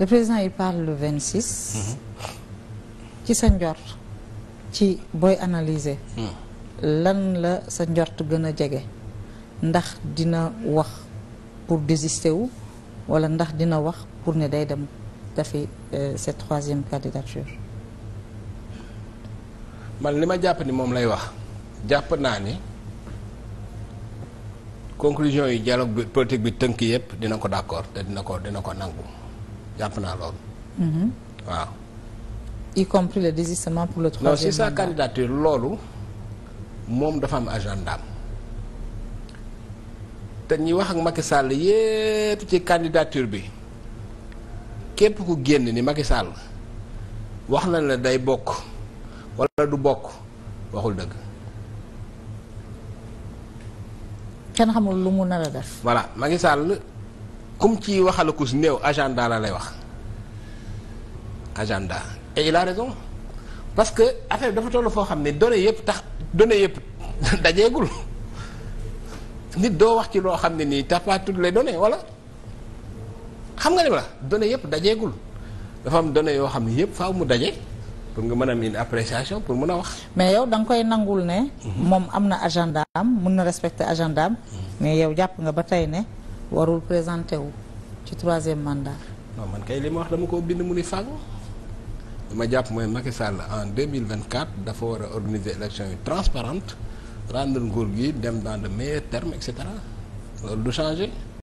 le président il parle le 26. ci sa njort ci booy analyser. lan la sa njort gën a jege ndax dina wax pour désister wu wala ndax dina wax pour ne day dem dafi euh, cette troisième candidature. man li ma jàpp ni moom lay wax jàpp naa ni conclusion yi dialogue politique bi tënk yëpp dina ko d'accord te dina ko dina ko nangu. jàpp naa loolu. Mhm. waaw. y compris le désistement pour la troisième mandat si sa candidature loolu moom dafa am agendaam te ñi wax ak Macky Sall yépp ci candidature bi képp ku génn ni Macky Sall wax na la day bokk wala du bokk waxul dëgg. kenn xamul lu mu nar def. voilà Macky comme ci waxal si néew agenda la lay wax agenda et il a raison parce que affaire dafa toll foo xam ne données yëpp tax données yëpp dajeegul nit doo wax ci loo xam ne nii t'as pas toutes les données wala xam nga ni ma la données yëpp dajeegul dafa am données yoo xam ne yëpp faw mu daje pour nga mën a am une appréciation pour mën a wax. mais yow da nga koy nangul ne. Mhm. moom am na agenda am mun na respecter agenda am mhm. mais yow jàpp nga ba tey ne. warul présenté wu ci troisième mandat. non man kay li ma wax la ma ko bind mu ni fàggu. li ma jàpp mooy Macky Sall en deux mille vingt quatre dafa war a organiser élection yu transparente rendre nguur gi dem dans de meilleurs termes et cetera loolu du changer.